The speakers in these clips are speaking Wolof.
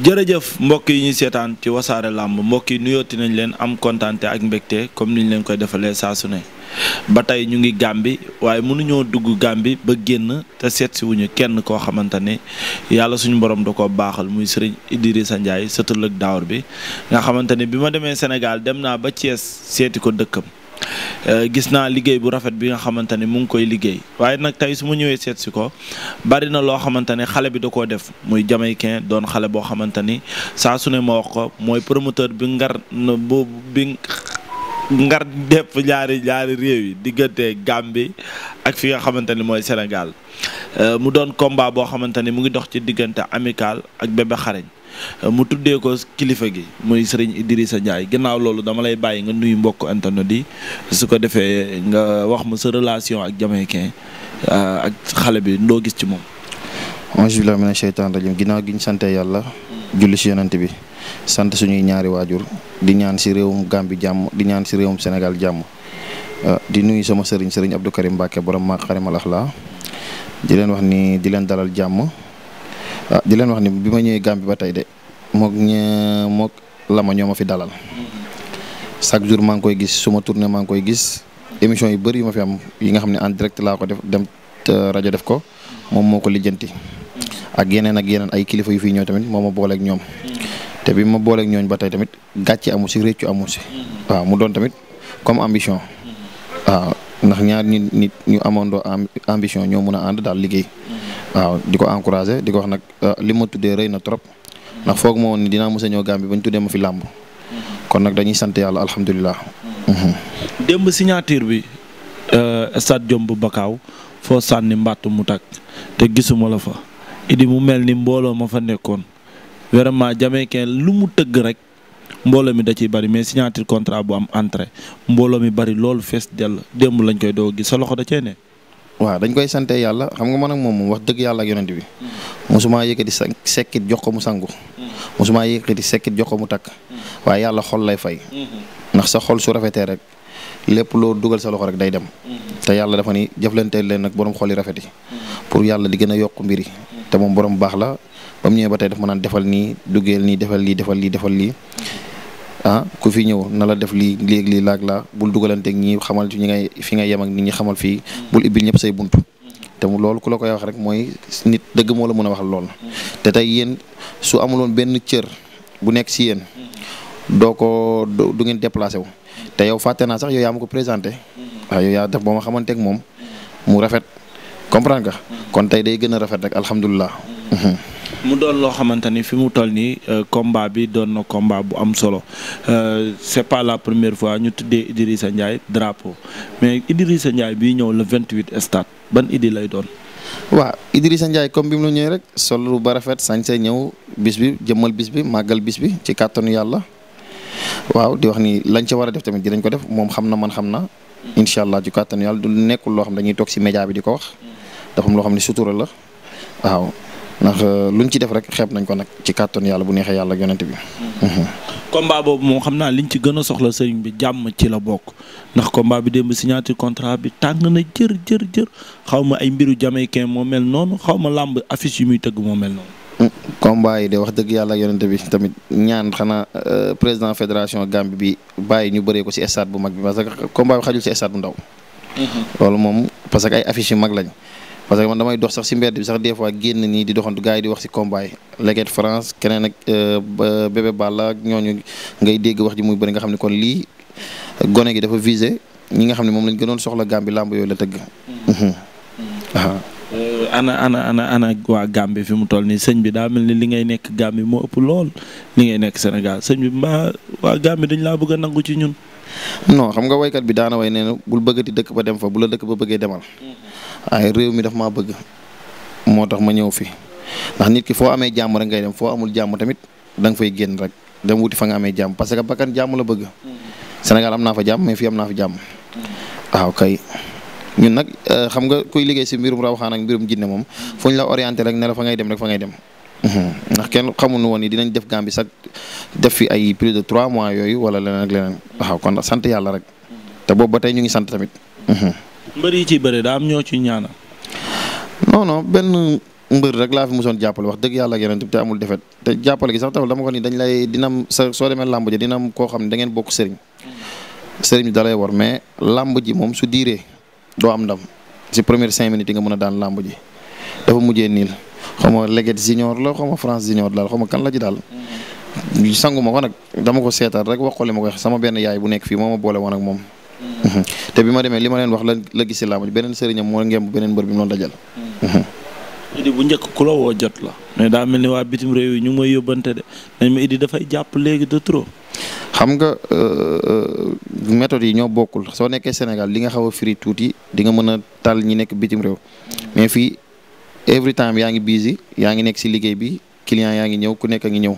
jërëjëf mbokk yi ñu seetaan ci wasaare làmb mbokk yi nuyooti nañ leen am kontaante ak mbegte comme ni ñu leen koy defalee saa su ne ba tey ñu ngi gàmbi waaye nu mënuñoo dugg gàmbi ba génn te seetsiwuñu kenn koo xamante ne yàlla suñu borom da ko baaxal muy sëriñ sa Ndiaye sëtal ak daawar bi nga xamante ne bi ma demee Sénégal dem naa ba Thiès seeti ko dëkkam. Euh, gis naa liggéey bu rafet bi nga xamante ne mu ngi koy liggéey waaye nag tey su ma ñëwee seet si ko bari na loo xamante ne xale bi da ko def muy jamaïcain doon xale boo xamante ni saa su ne ma wax ko mooy promoteur bi ngar bu bi ngar def ñaari ñaari réew yi diggante Gambie ak fi nga xamante ni mooy Sénégal euh, mu doon combat boo xamante ni mu ngi dox ci diggante amical ak bébé xarañ mu tuddee ko kilifa gi muy sëriñ sa Ndiaye ginnaaw loolu dama lay bàyyi nga nuyu mbokk internet yi su ko defee nga wax ma sa relation ak jamaïcain euh, ak xale bi ndoo gis ci moom. auzu billaahi mina sheytaani rajiim ginnaaw gi ñu sante yàlla. julli si yonent bi sant suñuy ñaari waajur di ñaan si réewum Gambie jàmm di ñaan si réewum Sénégal jàmm euh, di nuyu sama sëriñ sëriñ Abdou Karim Mbacke borom maa xarimal la di leen wax ni di leen dalal jàmm. ah di leen wax ni bi ma ñëwee Gambie ba tay de mook ña mook lama ñoo ma fi dalal chaque jour maa ngi koy gis suma ma tournée maa ngi koy gis émission yi bëri yu ma fi am yi nga xam ne en direct laa ko def dem rajo def ko moom moo ko lijjanti. ak yeneen ak yeneen ay kilifa yu fi ñëw tamit moo ma booleek ñoom. te bi ma booleek ñooñ ba tey tamit gàcce amu si réccu amu si. Mm-hmm. waaw mu doon tamit comme ambition mm-hmm. waaw. ndax ñaar nit nit ñu amandoo ambition ñoo mën a ànd daal liggéey. waaw di ko encouragé di ko wax nag euh, li ma tuddee rëy na trop. ndax foog ma woon ni dinaa mos ñoo ñëw Gambie ba ñu tuddee ma fi làmb. kon nag dañuy sant yàlla alhamdulilah. Mhm. démb signature bi euh, stade bu Bakaaw foo sànni mbàtt mu tàkk te gisuma la fa. idi mu mel ni mbooloo ma fa nekkoon vraiment Jamaïcain lu mu tëgg rek. mbooloo mi da ciy bari mais signature contrat bu am entrée mbooloo mi bari loolu fees dell dem lañ koy doo gis sa loxo da cee ne. waaw dañ koy sante yàlla xam nga ma ak moom wax dëgg yàlla ak yonent bi. Hmm. mosuma yëkkati sa sekkit jox ko mu sangu. Hmm. mosuma yëkkati sekkit jox ko mu takk. Hmm. waaye yàlla xol lay fay. ndax sa xol su rafetee rek. lépp loo dugal sa loxo rek day dem. te yàlla dafa ni jëflanteel leen nag borom xol yi rafet yi. pour yàlla di gën a yokk mbir yi. te moom borom baax la ba mu ñëwee ba tey daf ma naan defal nii duggeel nii defal lii defal lii defal lii. ah ku fi ñëw na la def lii léeg lii laag laa bul dugalanteeg ñi xamal ci ñi ngay fi nga yem ak nit ñi xamal fii bul ibbil ñëpp say bunt te mu loolu ku la koy wax rek mooy nit dëgg moo la mën a waxal lool te tey yéen su amuloon benn cër bu nekk si yéen doo ko du ngeen déplacé wu te yow fàtte naa sax yow yaa ma ko présenté. waaw yow yaa def ba ma xamanteeg moom. mu rafet comprendre nga. kon tey day gën a rafet rek alhamdulilah. mu doon loo xamante ni fi mu toll nii euh, combat bi doon na combat bu am solo euh, c'est pas la première fois ñu tuddee Idrissa Ndiaye drapeau mais Idrissa Ndiaye bii ñëw le 28 stade ban idi lay doon. waaw Idrissa Ndiaye comme bi mu ñëwee rek solo ba rafet sañ see ñëw bis bi jëmmal bis bi màggal bis bi ci kàttanu yàlla. waaw di wax ni lañ ca war a def tamit di dinañ ko def moom xam na man xam na. incha allah ci kàttanu yàlla du nekkul loo xam dañuy toog si média bi di ko wax. dafa am loo xam ne sutura la waaw ndax euh, luñ ci def rek xeeb nañ ko nag ci kàttanu yàlla bu neexee yàlla ak yonent bi. Mm-hmm. combat boobu moom xam naa liñ ci gën a soxla sëriñ bi jàmm ci la bokk ndax combat bi démb signature contrat bi tàng na jër jër jër xaw ma ay mbiru jamaïcain moo mel noonu xaw ma làmb affiche yu muy tëgg moo mel noonu. combat yi de wax dëgg yàlla ak yonente bi tamit ñaan xanaa euh, président fédération Gambie bi bàyyi ñu bëree ko ci stade bu mag bi parce que combat bi xajul ci stade bu ndaw. Mhm. loolu moom parce que ay affiches yu mag lañ. parce que man damay dox sax ci mbedd bi sax des fois génn nii di doxantu gars yi di wax ci combat yi Leket France keneen ak euh, bébé Balla ak ñooñu ngay dégg wax ji muy bëri nga xam ne kon lii gone gi dafa visé ñi nga xam ne moom lañ gënoon soxla Gambie làmb yooyu la tëgg. waaw. Mhm. Mhm. ana ana ana ana waa Gambie fi mu toll nii sëñ bi daa mel ni li ngay nekk Gambie moo ëpp lool li ngay nekk Sénégal sëñ bi mbaa waa Gambie dañ laa bëgg nangu ci ñun. no xam nga waykat bi daana way nee na bul bëggati dëkk ba dem fa bu la dëkk ba bëggee demal. waaye réew mi daf maa bëgg moo tax ma ñëw fi ndax nit ki foo amee jàmm rek ngay dem foo amul jàmm tamit da nga fay génn rek dem wuti fa nga amee jàmm parce que bakkan jàmm la bëgg. Mm. Sénégal am naa fa jàmm mais fii jàmm. Mm. waaw ñun nag euh, xam nga kuy liggéey si mbirum rawaxaan ak mbirum jinne moom fu ñu la orienté rek ne la fa ngay dem rek fa ngay dem mhm. ndax kenn xamu xamuñu woon ni dinañ def Gàmbi sax def fi ay plus de trois mois yooyu wala leneen ak leneen waaw kon sant yàlla rek te boobu ba tey ñu ngi sant tamit. Mhm. mbër yi ciy bëre daa am ñoo ci ñaanal. non benn mbër rek laa fi musoon jàppale wax dëgg yàlla ak yeneen te amul defet te jàppale gi sax taxul dama ko ni dañ lay dina am sa soo demee làmb ji dina koo xam ne dangeen bokk sëriñ sëriñ bi da lay war mais làmb ji moom su diiree. doo am ndam si première cinq minutes yi nga mën a daan làmb ji dafa mujjee niil xaw ma Leget junior la xaw ma France junior daal xaw ma kan la ji daal. Mm-hmm. sangu ma ko nag dama ko seetal rek wax ko li ma ko sama benn yaay bu nekk fii moo ma boole woon ak moom. Mm-hmm. te bi ma demee li ma leen wax la gis si làmb beneen sëriñam moo ngem beneen mbër bi mu doon dajal. Mm-hmm. Idi bu njëkk ku jot la. mais daa mel ni waa bitim réew yi ñu ngi yóbbante de nañ ma Idi dafay xam nga euh, euh, méthodes yi ñoo bokkul soo nekkee Sénégal li nga xaw a tuuti di nga mën a tal ñi nekk bitim réew mais fii every time yaa ngi busy yaa ngi nekk si liggéey bi client yaa ngi ñëw ku nekk a ngi ñëw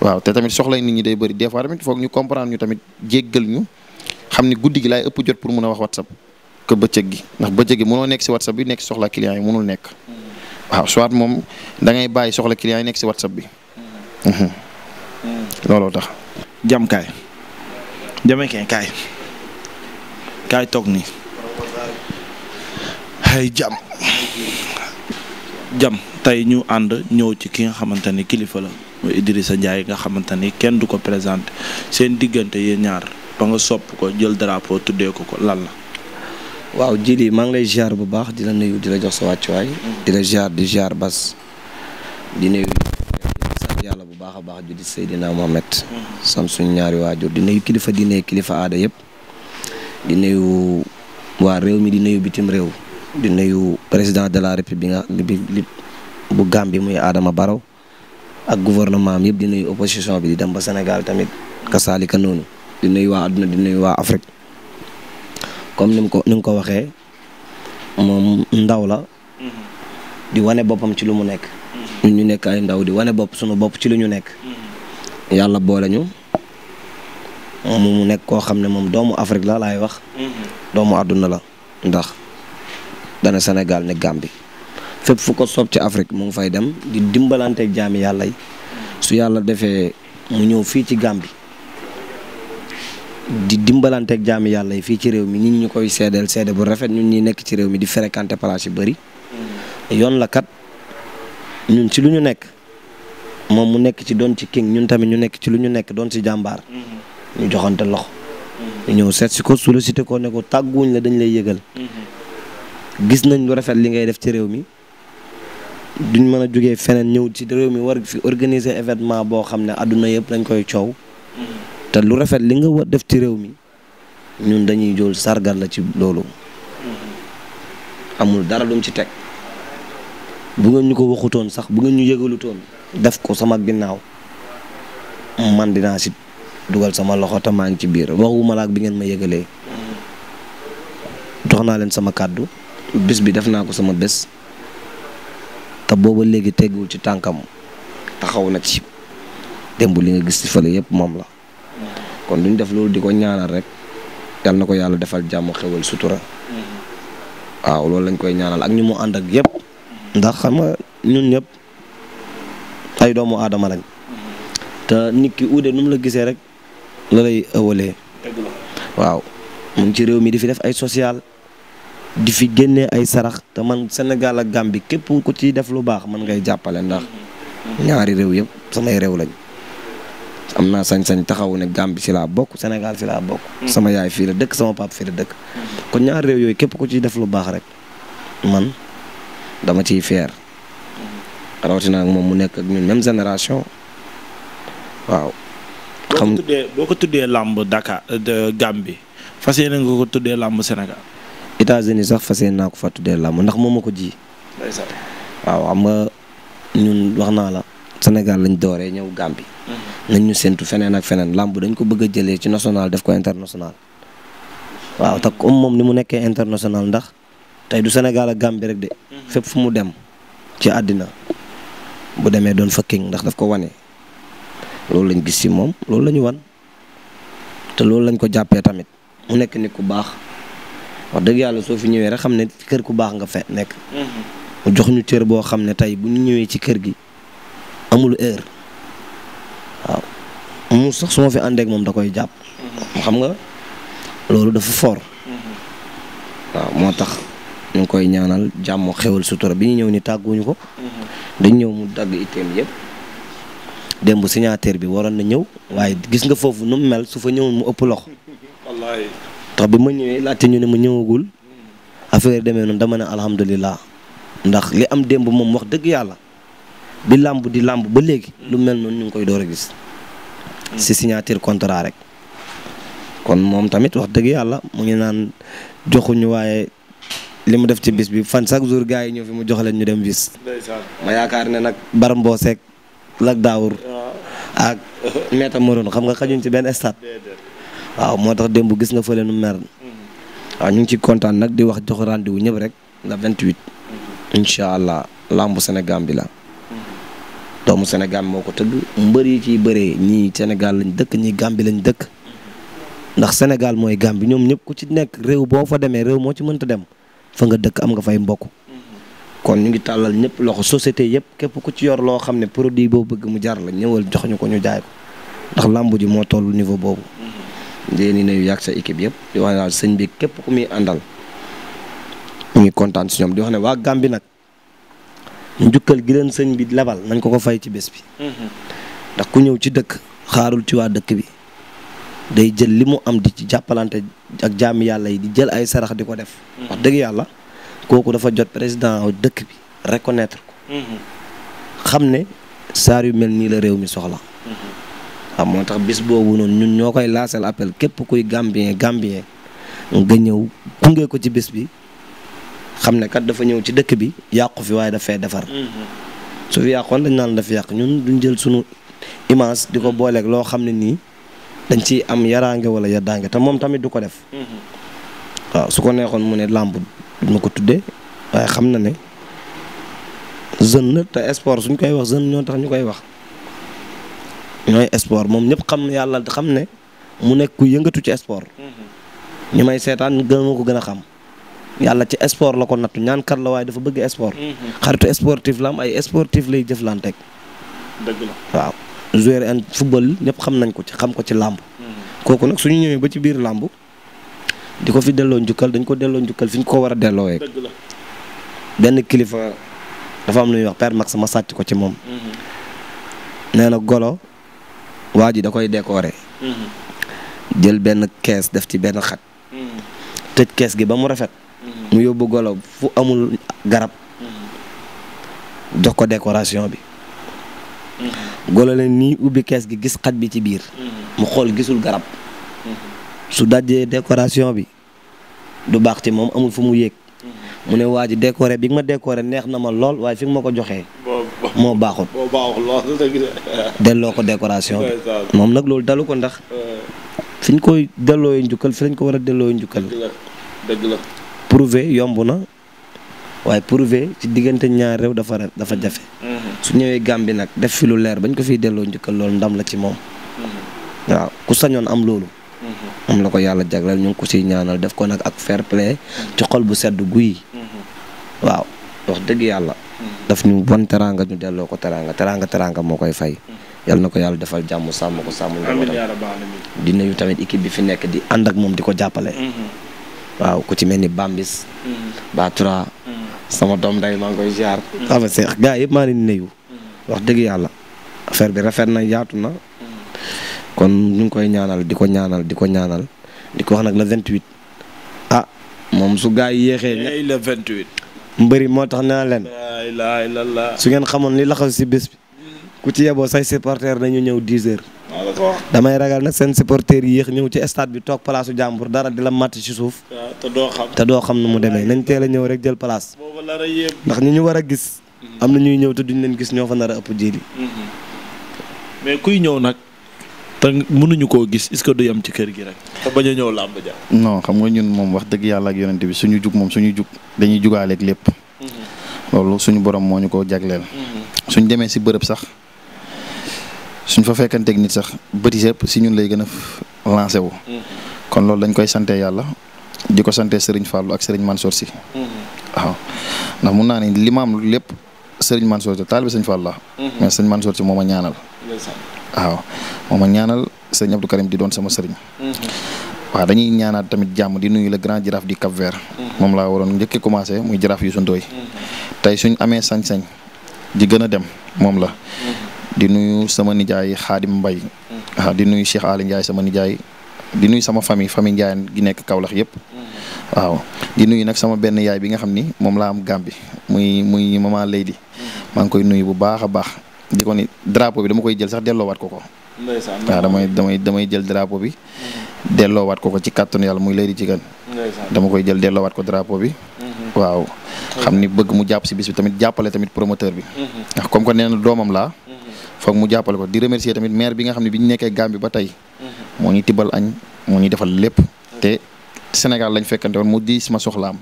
waaw te tamit soxla nit ñi day bëri des fois tamit foog ñu comprendre ñu tamit jéggal ñu xam ni guddi gi laay ëpp jot pour mun a wax WhatsApp que bëccëg gi ndax bëccëg gi mënoo nekk si WhatsApp bi nekk si soxla client yi mënul nekk waaw soit moom da ngay bàyyi soxla client nekk si WhatsApp bi mm. Mhm. Mm. looloo tax. jam kaay jamekee kaay kaay toog nii ay jam jam tey ñu ànd ñëw ci ki nga xamante ni kilifa la mooy Idrissa Ndiaye nga xamante ni kenn du ko présenté seen diggante yéen ñaar ba nga sopp ko jël drapeau tuddee ko ko lan la waaw jili maa ngi lay ziar bu baax di la nuyu di la jox sa wàccuwaay mm-hmm. di la ziar di ziar bas di nuyu baax jullit Seydina Mohamed sant suñu ñaari waajur di nuyu kilifa di nuyu kilifa aada yëpp di nuyu waa réew mi di nuyu bitim réew di nuyu président de la république bi bu bi muy Adama Barrow ak gouvernement am yëpp di nuyu opposition bi di dem ba Sénégal tamit kasaalika noonu di nuyu waa àdduna di nuyu waa Afrique comme ni mu ko ni mu ko waxee moom ndaw la mm-hmm. di wane boppam ci lu mu nekk ñun ñu nekk ay ndaw di wane bopp sunu bopp ci lu ñu nekk. yàlla boole ñu mu nekk koo xam ne moom doomu Afrique la laay wax. doomu àdduna la ndax dana senegal ne Gambie fépp fu ko soob ci Afrique mu ngi fay dem di dimbalanteeg jaami yàlla yi su yàlla defee mu ñëw fii ci Gambie di dimbalanteeg jaami yàlla yi fii ci réew mi nit ñu koy seedeel seede bu rafet ñu ñi nekk ci réew mi di fréquenter place yu bëri yoon la kat. ñun ci lu ñu nekk moom mu nekk ci doon ci king ñun tamit ñu nekk ci lu ñu nekk doon ci jàmbaar. Mm-hmm. ñu joxante loxo. Mm-hmm. ñu ñëw seet si ko sollicité ko ne ko tàgguwuñ la dañ lay yëgal. Mm-hmm. gis nañ lu rafet li ngay def ci réew mi duñ mën a jógee feneen ñëw ci réew mi war fi organiser événement boo xam ne àdduna yëpp dañ koy coow. te lu rafet li nga war def ci réew mi ñun dañuy jël sargal la ci loolu. amul dara lu ci teg. bu ngeen ñu ko waxutoon sax bu ngeen ñu yëgalutoon def ko sama ginnaaw man dinaa si dugal sama loxo te maa ngi ci biir waxuma la ak bi ngeen ma yëgalee. jox naa leen sama kàddu bés bi def naa ko sama bés te booba léegi tegguwul ci tànkam taxaw na ci démb li nga gis ci fële yëpp moom la. kon duñ def loolu di ko ñaanal rek yal na ko yàlla defal jàmm xewal sutura. Mm-hmm. waaw loolu lañ koy ñaanal ak ñu mu ànd ak yëpp. ndax xam nga ñun ñëpp ay doomu aadama lañ. te nit ki uude nu mu la gisee rek la lay ëwalee. waaw mu ngi ci réew mi di fi def ay social di fi génnee ay sarax te man Sénégal ak Gambie képp ku ci def lu baax man ngay jàppale ndax ñaari réew yëpp samay réew lañ. am naa sañ-sañ taxawu ne Gambie ci laa bokk senegal si laa bokk. Hmm. sama yaay fii la dëkk sama pap fii la dëkk. kon ñaari réew yooyu képp ku ci def lu baax rek man. dama ciy fier rawatina ak moom mu nekk ak ñun même génération waaw. xam boo ko tuddee ko tuddee làmb Dakar euh, Gambie fas yéene nga ko tuddee làmb Sénégal. États-Unis sax fas naa ko fa tuddee làmb ndax moom ma ko ji. waaw xam nga ñun wax naa la. senegal lañ dooree ñëw Gambie. Mm-hmm. nañ ñu séntu feneen ak feneen làmb dañ ko bëgg a jëlee ci national def ko international. waaw te comme moom ni mu nekkee international ndax. tey du Sénégal ak Gambie rek de. Mhm. fépp fu mu dem ci àddina bu demee doon fa king ndax daf ko wane loolu lañ gis ci moom loolu lañu ñu wan te loolu lañ ko jàppee tamit mu nekk nit ku baax wax dëgg yàlla soo fi ñëwee rek xam ne kër ku baax nga fe nekk. Mhm. mu jox ñu cër boo xam ne tey bu ñu ñëwee ci kër gi amul heure waaw mu sax su fi àndeek moom da koy jàpp. Mhm. xam nga loolu dafa fort. waaw moo tax. ñu ngi koy ñaanal jàmm xewal sutura bi ñu ñëw ni tàgguñu ko. dañ ñëw mu dagg itteem yëpp. démb signataire bi waroon na ñëw waaye gis nga foofu nu mu mel su fa ñëwoon mu ëpp loxo. wallaay bi ma ñëwee laajte ñu ne mu ñëwagul. affaire deme demee noonu dama ne alhamdulilah. ndax li am démb moom wax dëgg yàlla. bi làmb di làmb ba léegi. lu mel noonu ñu ngi koy door a gis. si signature contrat rek. kon moom tamit wax dëgg yàlla mu ngi naan joxuñu waaye. li mu def ci bis bi fan chaque jour gars yi ñëw fi mu jox leen ñu dem bis. ma yaakaar ne nag Baram Bosek lak daawur ah. ak Meta Moroon xam nga xajuñ ci benn stade. waaw moo tax démb gis nga fële nu mer. Mm-hmm. waaw ñu ngi ciy kontaan nag di wax jox rendez ñëpp rek la 28. Mm-hmm. incha allah lambu Sénégal bi la. Mm-hmm. doomu Sénégal moo ko tëgg mbër yi ciy bëree ñii Sénégal lañ dëkk ñii Gambie lañ dëkk. ndax senegal mooy Gambie ñoom ñëpp ku ci nekk réew boo fa demee réew moo ci mënta dem. fa nga dëkk am nga fay mbokk. kon ñu ngi tàllal ñëpp loxo société yëpp képp ku ci yor loo xam ne produit boo bëgg mu jar la ñëwal jox ñu ko ñu jaay ko ndax làmb ji moo toll niveau boobu. Mm-hmm. di leen nuyu yàgg sa équipe yëpp di wax daal sëñ bi képp ku muy àndal ñu ngi kontaan si ñoom di wax ne waa Gàmbi nag njukkal gi leen sëñ bi labal nañ ko ko fay ci bés bi. Mm-hmm. ndax ku ñëw ci dëkk xaarul ci waa dëkk bi day jël li mu am di ci jàppalante. ak jaami yàlla yi di jël ay sarax di ko def. Mm-hmm. wax dëgg yàlla kooku dafa jot président dëkk bi reconnaître ko. Mm-hmm. xam ne saar yu mel nii la réew mi soxla. waaw mm-hmm. ah, moo tax bis boobu noonu ñun ñoo koy laasal appel képp kuy gambien gambien nga ñëw gunge ko ci bis bi xam ne kat dafa ñëw ci dëkk bi yàqu fi waaye dafay defar. su yàqoon dañ naan yàq ñun duñ jël sunu image di ko booleeg loo xam ne nii. dañ ci am yaraange wala yaddaange te moom tamit du ko def. Mhm. waaw su ko neexoon mu ne làmb du ma ko tuddee waaye xam na ne jeune na te sport suñ koy wax jeune ñoo tax ñu koy wax ñooy sport moom ñëpp xam ne yàlla xam ne mu nekk ku yëngatu ci sport. Mhm. ñu may seetaan gën ma ko gën a xam. yàlla ci sport la ko nattu ñaankat la waaye dafa bëgg sport. Mhm. xaritu sportif la am ay sportif lay jëflanteeg. dëgg la waaw. joueur en football ñëpp xam nañ ko ci xam ko ci làmb hmm. kooku nag suñu ñëwee ba ci biir làmb di ko fi delloo njukkal dañ ko delloo njukkal fi ñu ko war a delloowee benn kilifa dafa am lu ñuy wax père sama ma sàcc ko ci moom hmm. nee na golo waa ji da koy décorer hmm. jël benn kees def ci benn xat tëj kees gi ba mu rafet mu yóbbu golo fu amul garab jox ko décoration bi golo la nii ubbi kees gi gis xaj bi ci biir. mu xool gisul garab. su dajee décoration bi du baax ci moom amul fu mu yéeg. mu ne waa ji décoré bi ma décoré neex na ma lool waaye fi nga ma ko joxee. moo baaxul delloo ko décoration bi moom nag loolu dalu ko ndax. fi ñu koy delloo njukkal fi lañ ko war a delloo njukkal. dëgg yomb na waaye prouver ci diggante ñaar réew dafa jafe. Mm-hmm. su ñëwee Gambie nag def fi lu leer bañ ko fiy delloo njëkkal loolu ndam la ci moom. Mm-hmm. waaw ku sañoon am loolu. Mm-hmm. am la ko yàlla jagleel ñu ngi ko siy ñaanal def ko nag ak fair play ci xol bu sedd guy. waaw wax dëgg yàlla. daf ñu bon teraanga ñu delloo ko teraanga teraanga teraanga moo koy fay. yàlla na ko yàlla defal jàmm sàmm ko sàmm. amiin di nuyu tamit équipe bi fi nekk di ànd ak moom di ko jàppale. waaw ku ci mel ni Bambis. Batra. sama doom day maa ngi koy jaar xam nga seex gaa yëpp maa ngi nuyu. wax dëgg yàlla affaire bi rafet na yaatu na. kon ñu ngi koy ñaanal di ko ñaanal di ko ñaanal di ko wax nag le 28. ah moom su gaa yi yéexee. yéexee le 28. mbëri moo tax nee na leen. su ngeen xamoon li laxal si bés bi. ku ci yeboo say supporters dañu ñëw 10 heures. damay ragal na seen supporters yi yéex ñëw ci stade bi toog place su jàmbur dara di la matt ci suuf. te doo xam te doo xam nu mu demee nañ teel a ñëw rek jël place. ndax ñi ñu war a gis. Mhm. am na ñuy ñëw te duñ leen gis ñoo fa nar a ëpp jiili. Mhm. mais kuy ñëw nag. te mënuñu koo gis est que du yem ci kër gi rek. te bañ a ñëw xam nga ñun moom wax dëgg yàlla ak yonente bi suñu jug moom suñu jug dañuy jugaaleeg lépp. Mhm. loolu suñu borom moo ñu ko jagleel. suñ demee si bërëb sax suñ fa fekkanteeg nit sax bëti yëpp si ñun lay gën a lancé wu. Mm-hmm. kon loolu dañ koy sante yàlla di ko sante Serigne Fallou ak Serigne Mansour si. Mm-hmm. waaw ndax mun naa ne li ma am lépp Serigne Mansour si taalibe Serigne Fallou la. Mm-hmm. mais Serigne Mansour si moom a ñaanal. waaw moom a ñaanal Serigne Abdou Karim di doon sama sëriñ waaw dañuy ñaanaat tamit jàmm di nuyu la grand jaraaf di Cap Vert. moom laa waroon njëkk commencé muy jaraaf yu sundooy tey suñ amee sañ-sañ di gën a dem moom la. di nuyu sama nijaay Xaadim Mbay waaw mm-hmm. ah, di nuyu Cheikh Ali Ndiaye sama nijaay di nuyu sama famille famille Ndiaye gi nekk Kaolack yëpp. Mm-hmm. waaw di nuyu nag sama benn yaay bi nga xam ni moom laa am Gàmbi muy muy maman Lady mm-hmm. maa ngi koy nuyu bu baax a baax di ko ni drapeau bi dama koy jël sax delloowaat ko ko. ndeysaan waaw ah, damay damay jël drapeau bi. delloowaat ko ko ci kàttanu yàlla muy Lady Diegane. dama koy jël delloowaat ko drapeau bi. waaw xam ni bëgg mu jàpp si bis bi tamit jàppale tamit promoteur bi. ndax comme que doomam laa. foog mu jàppale ko di remercier tamit maire bi nga xam ne bi ñu nekkee Gambie ba tey mhm. moo ñu tibbal añ moo ñu defal lépp mhm. te Sénégal lañ fekkante woon di sama soxlaam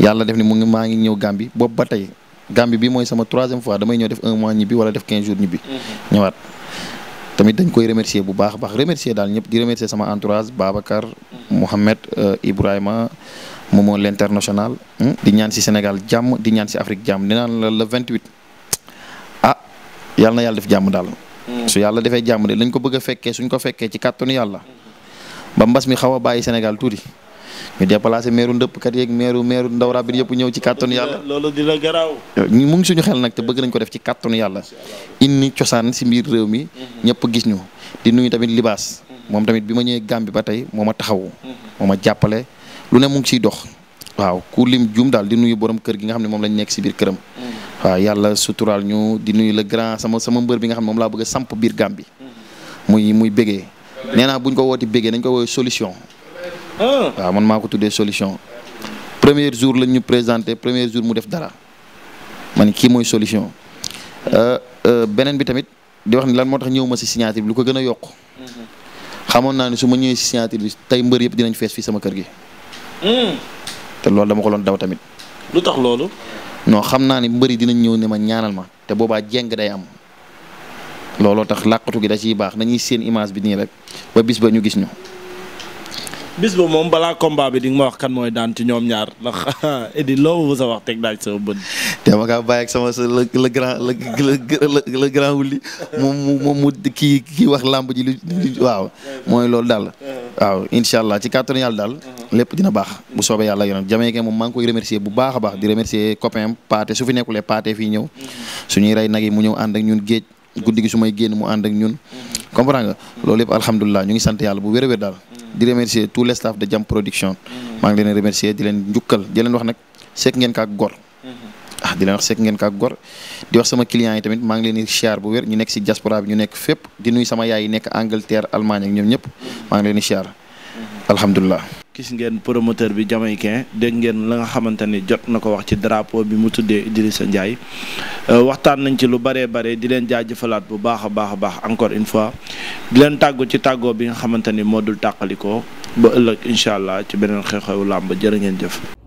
yàlla def ni mu ngi maa ngi ñëw Gambie boobu ba tey Gambie bi mooy sama troisième fois damay ñëw def un mois ñibbi wala def quinze jours ñibbi mhm. ñëwaat tamit dañ koy remercier bu baax a baax remercier daal ñëpp di remercier sama entourage Babacar Mohamed euh, Ibrahima Momo l'international hmm? di ñaan si Sénégal jàmm di ñaan si Afrique jàmm nee naan la le 28 yàlla na yàlla def jàmm daal. Hmm. su yàlla defee jàmm de lañ ko bëgg a fekkee suñ ko fekkee ci kàttanu yàlla. ba mbas mi xaw a bàyyi senegal tuuti. ñu déplacé meeru ndëppkat yeeg meeru meeru ndaw rabin yëpp ñëw ci kàttanu yàlla loolu mu ngi suñu xel nag te bëgg nañ ko def ci kàttanu yàlla indi cosaan si biir réew mi hmm. ñëpp gis ñu di nuyu tamit libaas hmm. moom tamit bi ma ñëwee Gàmbi ba tey moom ma taxawu moom ma jàppale lu ne mu ngi ciy dox waaw ku lim juum daal di nuyu borom kër gi nga xam ne moom lañ nekk si biir këram waaw yàlla suturaal ñu di nuyu le grand sama sama mbër bi nga xam ne moom laa bëgg a samp biir Gàmbi muy muy béggee nee bu buñ ko wooti bégee nañ ko woowee solution ah. waaw man maa ko tuddee solution première jour lañ ñu présenté premier jour mu def dara man kii mooy solution euh, euh, beneen bi tamit di wax ni lan moo tax ñëw ma si signature bi lu ko gën a yokk xamoon naa ni su ma ñëwee si signature bi tey mbër yëpp dinañ fees fii sama kër gi hmm. te loolu dama ko doon tamit non xam naa ne mbëri dinañ ñëw ne ma ñaanal ma te boobaa jeng day am looloo tax làqatu gi da ciy baax nañuy seen image bi nii rek ba bis ba ñu gis ñu. bis ba moom balaa combat bi di nga ma wax kan mooy daan ci ñoom ñaar ndax Idy loo sa wax teg daaj sama bët. te ma kaa bàyyi ak sama sa grand le moom mu kii wax làmb ji lu waaw mooy loolu daal waaw incha allah ci kàttanu yàlla daal. lépp dina baax bu soobee yàlla yoon Jamaïcain moom maa ngi koy remercier bu baax a baax di remercier copain Paate su fi nekkulee Paate fii ñëw suñuy rey nag yi mu ñëw ànd ak ñun géej guddi gi su may génn mu ànd ak ñun comprendre loolu yëpp alhamdulilah ñu ngi sant yàlla bu wér a wér daal di remercier tout le staff de Jam Production maa ngi leen remercier di leen njukkal leen wax nag seek ngeen kaak gor ah di leen wax seek ngeen kaak gor di wax sama client yi tamit maa ngi leen di siyaar bu wér ñu nekk si diaspora bi ñu nekk fépp di nuy sama yaay yi nekk Angleterre Allemagne ak ñoom ñëpp maa ngi leen di siyaar alhamdulilah gis ngeen promoteur bi jamaïcain dégg ngeen la nga xamante ni jot na ko wax ci drapeau bi mu tuddee Idrissa Ndiaye euh, waxtaan nañ ci lu baree bare di leen jëfalaat bu baax a baax a baax encore une fois leen tàggu ci tàggoo bi nga xamante ni moo dul tàqalikoo ba ëllëg incha allah ci beneen xew-xewu làmb jërë ngeen jëf.